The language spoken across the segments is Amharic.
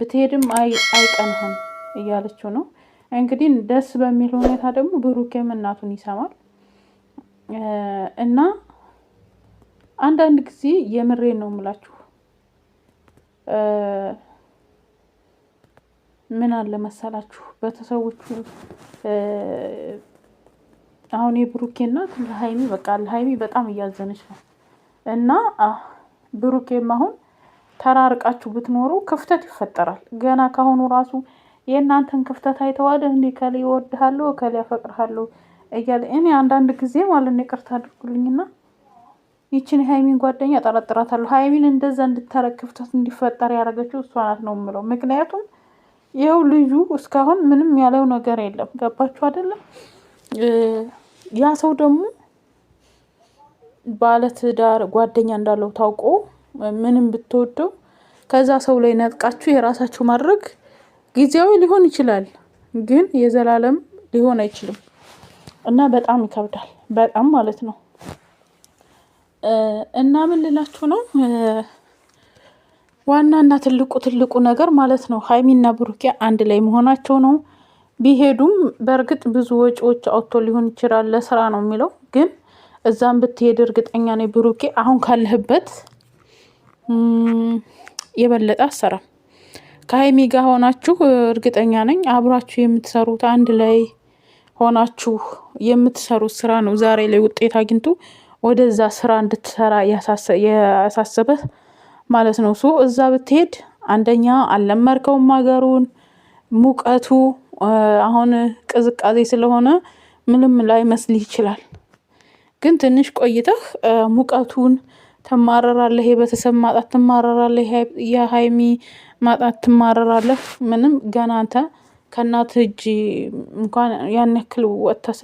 ብትሄድም አይቀንህም እያለችው ነው። እንግዲህ ደስ በሚል ሁኔታ ደግሞ ብሩኬም እናቱን ይሰማል እና አንዳንድ ጊዜ የምሬን ነው የምላችሁ ምን አለ መሰላችሁ ቤተሰቦቹ አሁን የብሩኬ እናት ለሀይሚ በቃ ለሀይሚ በጣም እያዘነች ነው እና ብሩኬም አሁን ተራርቃችሁ ብትኖሩ ክፍተት ይፈጠራል። ገና ካሁኑ ራሱ የእናንተን ክፍተት አይተዋል። እንዲ ከሌ እወድሃለሁ ከሌ አፈቅርሃለሁ እያለ እኔ አንዳንድ ጊዜ ማለት ይቅርታ አድርጉልኝና ይችን የሀይሚን ጓደኛ ጠረጥራታለሁ። ሀይሚን እንደዛ እንድታረግ ክፍተት እንዲፈጠር ያደረገችው እሷ ናት ነው የምለው። ምክንያቱም ይኸው ልዩ እስካሁን ምንም ያለው ነገር የለም። ገባችሁ አይደለም? ያ ሰው ደግሞ ባለትዳር ጓደኛ እንዳለው ታውቆ ምንም ብትወደው ከዛ ሰው ላይ ነጥቃችሁ የራሳችሁ ማድረግ ጊዜያዊ ሊሆን ይችላል፣ ግን የዘላለም ሊሆን አይችልም እና በጣም ይከብዳል። በጣም ማለት ነው እና ምን ልላችሁ ነው ዋና እና ትልቁ ትልቁ ነገር ማለት ነው ሀይሚና ብሩኬ አንድ ላይ መሆናቸው ነው። ቢሄዱም በእርግጥ ብዙ ወጪዎች አውጥቶ ሊሆን ይችላል ለስራ ነው የሚለው ግን እዛም ብትሄድ እርግጠኛ ነኝ ብሩኬ አሁን ካለህበት የበለጠ አሰራም። ከሀይሚ ጋር ሆናችሁ እርግጠኛ ነኝ አብራችሁ የምትሰሩት አንድ ላይ ሆናችሁ የምትሰሩት ስራ ነው ዛሬ ላይ ውጤት አግኝቶ ወደዛ ስራ እንድትሰራ ያሳሰበህ ማለት ነው። ሶ እዛ ብትሄድ አንደኛ አልለመርከውም ሀገሩን፣ ሙቀቱ አሁን ቅዝቃዜ ስለሆነ ምንም ላይ መስልህ ይችላል። ግን ትንሽ ቆይተህ ሙቀቱን ትማረራለህ የቤተሰብ ማጣት ትማረራለህ የሀይሚ ማጣት ትማረራለህ። ምንም ገና አንተ ከእናት እጅ እንኳን ያን ያክል ወጥተህ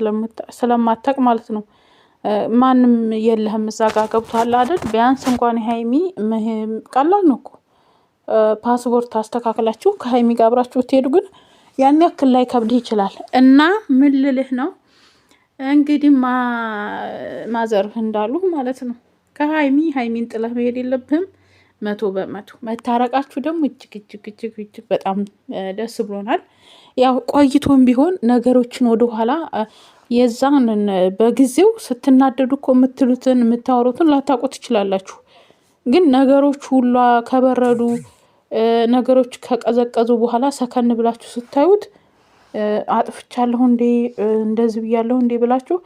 ስለማታቅ ማለት ነው። ማንም የለህም እዛ ጋር ገብቶሃል አይደል? ቢያንስ እንኳን የሀይሚ ቀላል ነው እኮ ፓስፖርት አስተካክላችሁ ከሀይሚ ጋር አብራችሁ ትሄዱ ግን ያን ያክል ላይ ከብድህ ይችላል። እና ምን ልልህ ነው እንግዲህ ማዘርህ እንዳሉ ማለት ነው ከሀይሚ ሀይሚን ጥለህ መሄድ የለብህም። መቶ በመቶ መታረቃችሁ ደግሞ እጅግ እጅግ እጅግ እጅግ በጣም ደስ ብሎናል። ያው ቆይቶም ቢሆን ነገሮችን ወደኋላ የዛን በጊዜው ስትናደዱ እኮ የምትሉትን የምታወሩትን ላታውቁ ትችላላችሁ። ግን ነገሮች ሁሏ ከበረዱ ነገሮች ከቀዘቀዙ በኋላ ሰከን ብላችሁ ስታዩት አጥፍቻለሁ እንዴ እንደዚህ ብያለሁ እንዴ ብላችሁ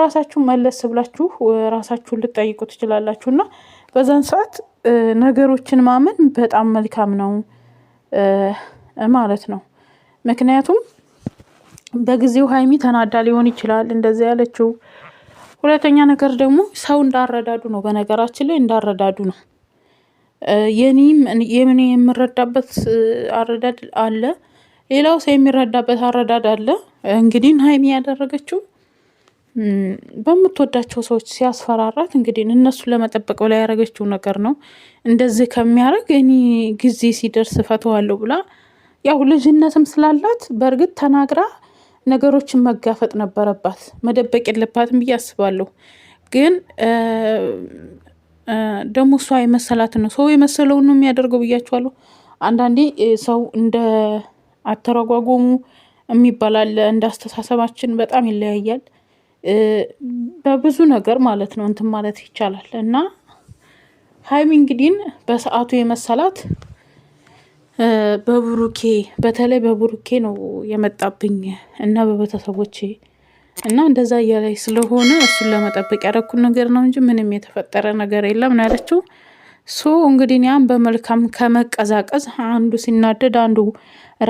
ራሳችሁ መለስ ብላችሁ ራሳችሁን ልጠይቁ ትችላላችሁ። እና በዛን ሰዓት ነገሮችን ማመን በጣም መልካም ነው ማለት ነው። ምክንያቱም በጊዜው ሀይሚ ተናዳ ሊሆን ይችላል እንደዚህ ያለችው። ሁለተኛ ነገር ደግሞ ሰው እንዳረዳዱ ነው። በነገራችን ላይ እንዳረዳዱ ነው። የኔም የምን የምረዳበት አረዳድ አለ ሌላው ሰው የሚረዳበት አረዳድ አለ። እንግዲህ ሀይሚ ያደረገችው በምትወዳቸው ሰዎች ሲያስፈራራት እንግዲህ እነሱን ለመጠበቅ ብላ ያደረገችው ነገር ነው። እንደዚህ ከሚያደርግ እኔ ጊዜ ሲደርስ ፈተዋለሁ ብላ ያው ልጅነትም ስላላት በእርግጥ ተናግራ ነገሮችን መጋፈጥ ነበረባት፣ መደበቅ የለባትም ብዬ አስባለሁ። ግን ደግሞ እሷ የመሰላት ነው ሰው የመሰለውን ነው የሚያደርገው ብያቸዋለሁ። አንዳንዴ ሰው እንደ አተረጓጎሙ የሚባላል እንደ አስተሳሰባችን በጣም ይለያያል። በብዙ ነገር ማለት ነው እንትን ማለት ይቻላል። እና ሀይሚ እንግዲህ በሰዓቱ የመሰላት በብሩኬ በተለይ በብሩኬ ነው የመጣብኝ እና በቤተሰቦቼ እና እንደዛ እያላይ ስለሆነ እሱን ለመጠበቅ ያደረኩን ነገር ነው እንጂ ምንም የተፈጠረ ነገር የለም ነው ያለችው። ሶ እንግዲህ ያን በመልካም ከመቀዛቀዝ አንዱ ሲናደድ አንዱ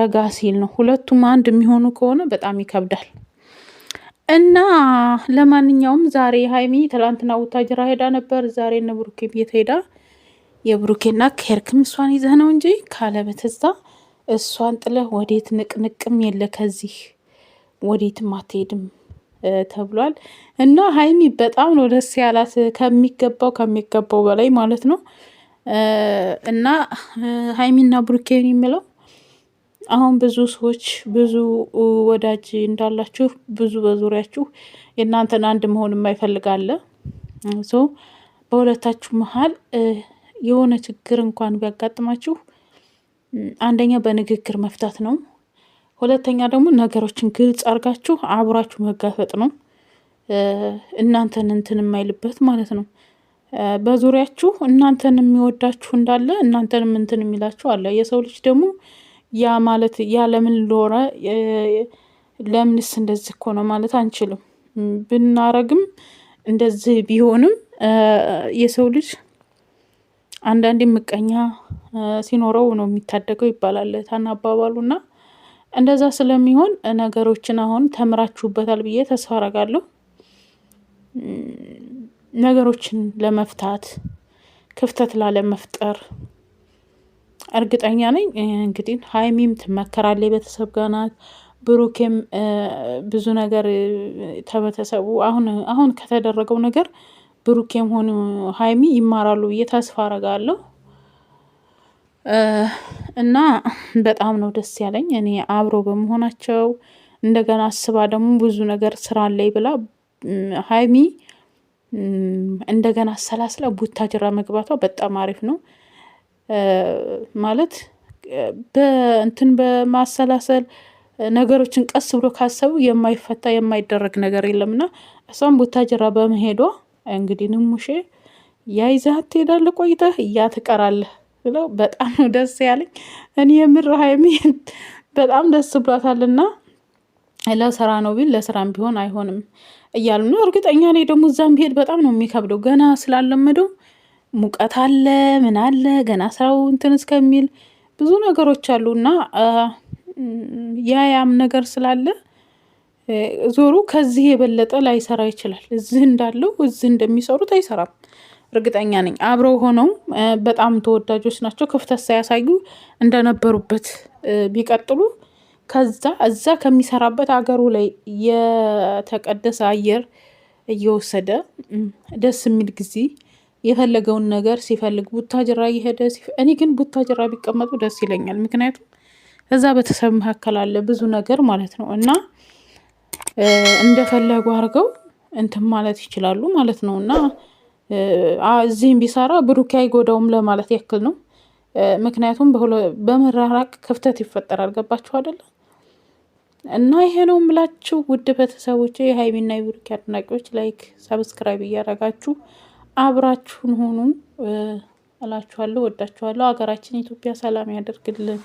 ረጋ ሲል ነው። ሁለቱም አንድ የሚሆኑ ከሆነ በጣም ይከብዳል። እና ለማንኛውም ዛሬ ሀይሚ ትላንትና ውታጅራ ሄዳ ነበር። ዛሬ እነ ብሩኬ ቤት ሄዳ የብሩኬና ከርክም እሷን ይዘህ ነው እንጂ ካለበትዛ እሷን ጥለህ ወዴት ንቅንቅም የለ ከዚህ ወዴትም አትሄድም። ተብሏል። እና ሀይሚ በጣም ነው ደስ ያላት ከሚገባው ከሚገባው በላይ ማለት ነው። እና ሀይሚና ብሩኬን የሚለው አሁን ብዙ ሰዎች ብዙ ወዳጅ እንዳላችሁ ብዙ በዙሪያችሁ የእናንተን አንድ መሆን የማይፈልጋለ ሶ በሁለታችሁ መሀል የሆነ ችግር እንኳን ቢያጋጥማችሁ አንደኛ በንግግር መፍታት ነው። ሁለተኛ ደግሞ ነገሮችን ግልጽ አርጋችሁ አብራችሁ መጋፈጥ ነው። እናንተን እንትን የማይልበት ማለት ነው። በዙሪያችሁ እናንተን የሚወዳችሁ እንዳለ እናንተንም እንትን የሚላችሁ አለ። የሰው ልጅ ደግሞ ያ ማለት ያ ለምን ሎረ ለምንስ እንደዚህ እኮ ነው ማለት አንችልም። ብናረግም እንደዚህ ቢሆንም የሰው ልጅ አንዳንዴ ምቀኛ ሲኖረው ነው የሚታደገው ይባላል ታና አባባሉና እንደዛ ስለሚሆን ነገሮችን አሁን ተምራችሁበታል ብዬ ተስፋ አረጋለሁ። ነገሮችን ለመፍታት ክፍተት ላለመፍጠር እርግጠኛ ነኝ። እንግዲህ ሀይሚም ትመከራለች፣ ቤተሰብ ጋናት ብሩኬም ብዙ ነገር ተበተሰቡ አሁን አሁን ከተደረገው ነገር ብሩኬም ሆኑ ሀይሚ ይማራሉ ብዬ ተስፋ አረጋለሁ። እና በጣም ነው ደስ ያለኝ እኔ አብሮ በመሆናቸው። እንደገና አስባ ደግሞ ብዙ ነገር ስራ አለኝ ብላ ሀይሚ እንደገና አሰላስላ ቡታጅራ መግባቷ በጣም አሪፍ ነው ማለት በእንትን በማሰላሰል ነገሮችን ቀስ ብሎ ካሰቡ የማይፈታ የማይደረግ ነገር የለምና እሷም ቡታጅራ በመሄዷ እንግዲህ ንሙሼ ያይዛት ትሄዳለህ ቆይተህ እያ ብለው በጣም ነው ደስ ያለኝ። እኔ የምር ሀይሚ በጣም ደስ ብሏታልና ለስራ ነው ቢል ለስራም ቢሆን አይሆንም እያሉ ነው። እርግጠኛ ላይ ደግሞ እዛም ቢሄድ በጣም ነው የሚከብደው ገና ስላለመደው ሙቀት አለ ምን አለ ገና ስራው እንትን እስከሚል ብዙ ነገሮች አሉ እና ያ ያም ነገር ስላለ ዞሩ ከዚህ የበለጠ ላይሰራ ይችላል። እዚህ እንዳለው እዚህ እንደሚሰሩት አይሰራም። እርግጠኛ ነኝ አብረው ሆነው በጣም ተወዳጆች ናቸው። ክፍተት ሳያሳዩ እንደነበሩበት ቢቀጥሉ ከዛ እዛ ከሚሰራበት አገሩ ላይ የተቀደሰ አየር እየወሰደ ደስ የሚል ጊዜ የፈለገውን ነገር ሲፈልግ ቡታጅራ እየሄደ እኔ ግን ቡታጅራ ቢቀመጡ ደስ ይለኛል። ምክንያቱም እዛ በተሰብ መካከል አለ ብዙ ነገር ማለት ነው እና እንደፈለጉ አድርገው እንትን ማለት ይችላሉ ማለት ነው እና እዚህም ቢሰራ ብሩኬ አይጎዳውም ለማለት ያክል ነው። ምክንያቱም በመራራቅ ክፍተት ይፈጠራል። ገባችሁ አይደለ? እና ይሄ ነው የምላችሁ ውድ ቤተሰቦቼ፣ የሀይሚና የብሩኬ አድናቂዎች፣ ላይክ ሰብስክራይብ እያረጋችሁ አብራችሁን ሆኑ እላችኋለሁ። ወዳችኋለሁ። ሀገራችን ኢትዮጵያ ሰላም ያደርግልን።